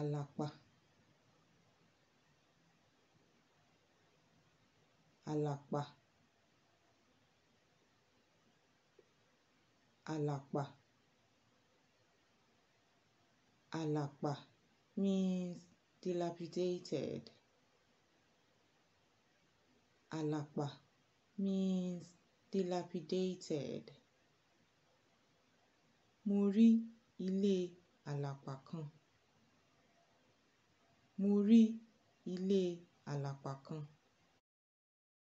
àlàpà àlàpà àlàpà àlàpà means dilapidated àlàpà means dilapidated mo rí ilé àlàpà kan mo rí ilé àlàpà kan